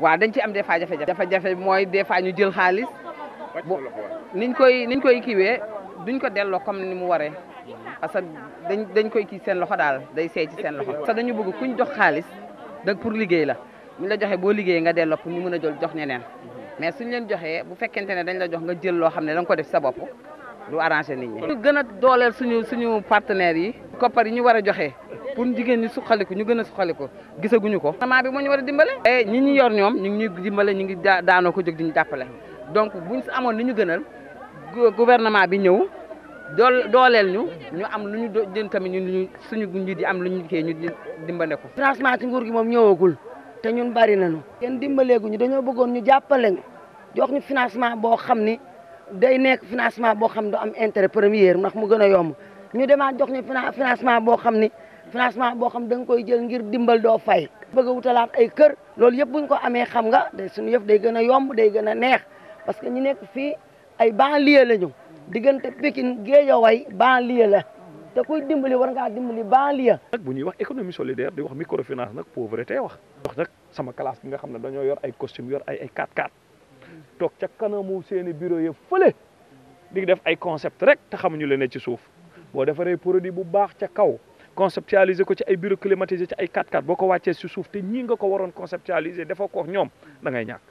waaw dañ ci am des fois jafe-jafe. jafe-jafe mooy des fois ñu jël xaalis. niñ koy niñ koy kiiwee duñ ko delloo comme ni mu waree. parce que dañ dañ koy kii seen loxo daal day seey ci seen loxo. parce que dañu bëgg kuñ jox xaalis dag pour liggéey la ñu la joxee boo liggéeyee nga delloo pour ñu mun a jël jox ñeneen. mais suñ leen joxee bu fekkente ne dañ la jox nga jël loo xam ne da nga ko def sa bopp du arrangé nit ñi. ñu gën a dooleel suñu suñu partenaires yi. koppar yi ñu war a joxe. pour jigéen ñi suqaliku ñu gën a gisaguñu ko. gouvernement bi moo ñu war a dimbale. Eh, ñi ñu yor ñoom ñu ngi ñuy dimbale ñu ngi daanoo ko jóg di ñu jàppale donc buñ si amoon li ñu gënal gouvernement bi ñëw dool dooleel ñu ñu am lu ñu jën tamit ñun suñu njiit yi am lu ñu kii ñu dimbale ko. financement ci nguur gi moom ñëwagul te ñun bari nañu. kenn dimbaleeguñu dañoo bëggoon ñu jàppale ñu jox ñu financement boo xam ni day nekk financement boo xam du am intérêt première ndax mu gën a yomb ñu demaat jox ñu financement boo xam ni financement boo xam da nga koy jël ngir dimbal doo fay. bëgg a wutalaat ay kër loolu yëpp buñ ko amee xam nga day suñu yëpp day gën a yomb day gën a neex parce que ñu nekk fii ay banlieue la ñu diggante Pikine Guédiawaye banlieue la te kuy dimbali war ngaa dimbali banlieue. nag bu ñuy wax économie solidaire di wax microfinance nag pauvreté wax. wax nag sama classe bi nga xam ne dañoo yor ay costume yor ay ay 4x4 toog ca kanamu seeni bureau ya fële di def ay concept rek te xamuñu leen ci suuf. boo defaree produit bu baax ca kaw conceptualiser ko ci ay bureau climatisé ci ay 4 4 boo ko wàccee si suuf te ñi nga ko waroon conceptualiser defoo ko da ngay ñàkk